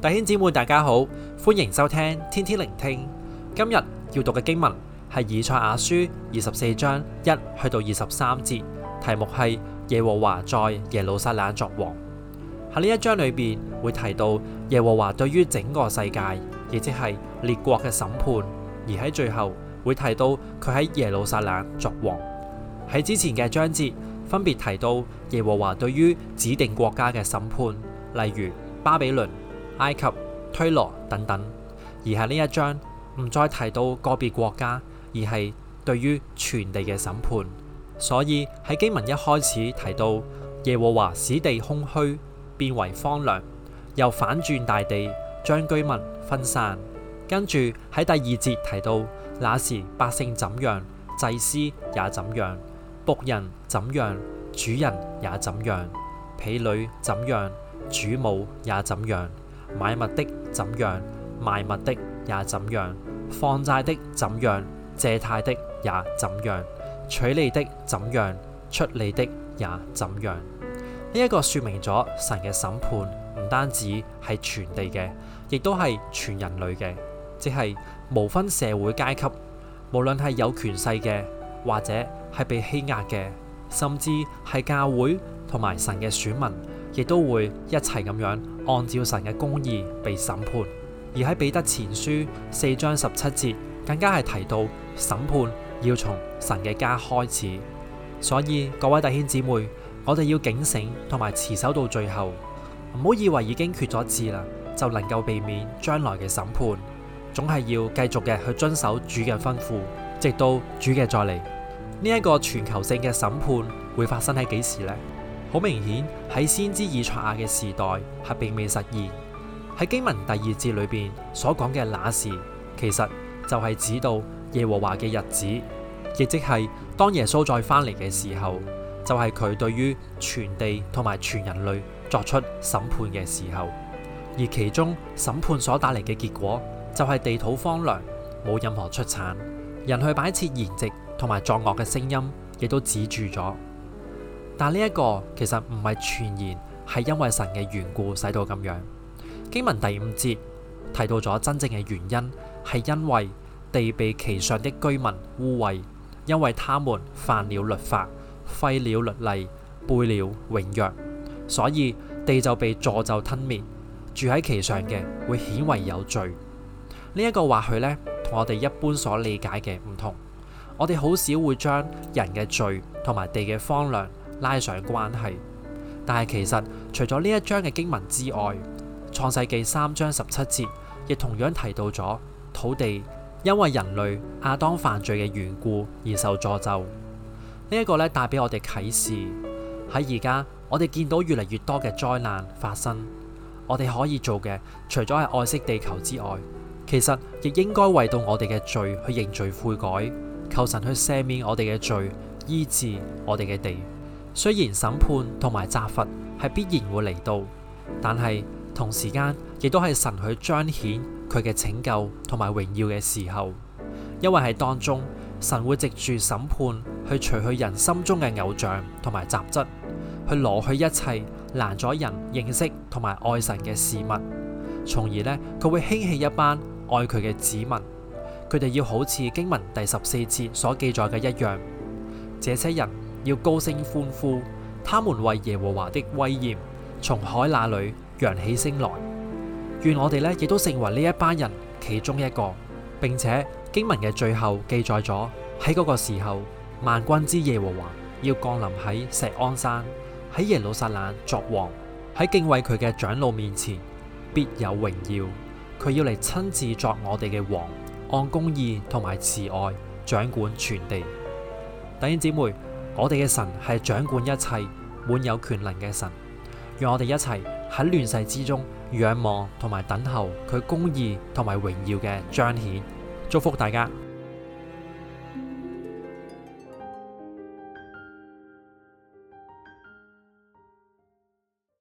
弟兄姊妹，大家好，歡迎收聽天天靈聽。今日要讀嘅經文係以賽亞書二十四章一去到二十三節，題目係耶和華在耶路撒冷作王。喺呢一章裏邊會提到耶和華對於整個世界，亦即係列國嘅審判，而喺最後會提到佢喺耶路撒冷作王。喺之前嘅章節分別提到耶和華對於指定國家嘅審判，例如巴比倫。埃及、推羅等等，而係呢一章唔再提到個別國家，而係對於全地嘅審判。所以喺經文一開始提到，耶和華使地空虛，變為荒涼，又反轉大地，將居民分散。跟住喺第二節提到，那時百姓怎樣，祭司也怎樣，僕人怎樣，主人也怎樣，婢女怎樣，主母也怎樣。買物的怎樣，賣物的也怎樣；放債的怎樣，借貸的也怎樣；取利的怎樣，出利的也怎樣。呢一個說明咗神嘅審判唔單止係全地嘅，亦都係全人類嘅，即係無分社會階級，無論係有權勢嘅，或者係被欺壓嘅，甚至係教會同埋神嘅選民。亦都會一齊咁樣按照神嘅公義被審判，而喺彼得前書四章十七節，更加係提到審判要從神嘅家開始。所以各位弟兄姊妹，我哋要警醒同埋持守到最後，唔好以為已經決咗志啦，就能夠避免將來嘅審判，總係要繼續嘅去遵守主嘅吩咐，直到主嘅再嚟。呢、這、一個全球性嘅審判會發生喺幾時呢？好明顯喺先知以賽亞嘅時代係並未實現，喺經文第二節裏邊所講嘅那時，其實就係指到耶和華嘅日子，亦即係當耶穌再返嚟嘅時候，就係佢對於全地同埋全人類作出審判嘅時候。而其中審判所帶嚟嘅結果，就係地土荒涼，冇任何出產，人去擺設筵席同埋作惡嘅聲音，亦都止住咗。但呢一個其實唔係全然，係因為神嘅緣故使到咁樣。經文第五節提到咗真正嘅原因，係因為地被其上的居民污穢，因為他們犯了律法，廢了律例，背了永約，所以地就被咒詛吞滅，住喺其上嘅會顯為有罪。這個、話呢一個或許呢同我哋一般所理解嘅唔同，我哋好少會將人嘅罪同埋地嘅荒涼。拉上關係，但係其實除咗呢一章嘅經文之外，《創世記》三章十七節亦同樣提到咗土地因為人類亞當犯罪嘅緣故而受詛咒。這個、呢一個咧帶俾我哋啟示，喺而家我哋見到越嚟越多嘅災難發生，我哋可以做嘅除咗係愛惜地球之外，其實亦應該為到我哋嘅罪去認罪悔改，求神去赦免我哋嘅罪，醫治我哋嘅地。雖然審判同埋責罰係必然會嚟到，但係同時間亦都係神去彰顯佢嘅拯救同埋榮耀嘅時候，因為喺當中神會藉住審判去除去人心中嘅偶像同埋雜質，去挪去一切攔阻人認識同埋愛神嘅事物，從而呢，佢會興起一班愛佢嘅子民，佢哋要好似經文第十四節所記載嘅一樣，這些人要高聲歡呼，他們為耶和華的威嚴從海那裏揚起聲來。願我哋咧，亦都成為呢一班人其中一個，並且經文嘅最後記載咗喺嗰個時候，萬軍之耶和華要降臨喺錫安山，喺耶路撒冷作王，喺敬畏佢嘅長老面前必有榮耀。佢要嚟親自作我哋嘅王，按公義同埋慈愛掌管全地。弟兄姊妹，我哋嘅神係掌管一切、滿有權能嘅神，讓我哋一齊喺亂世之中仰望同埋等候佢公義同埋榮耀嘅彰顯。祝福大家！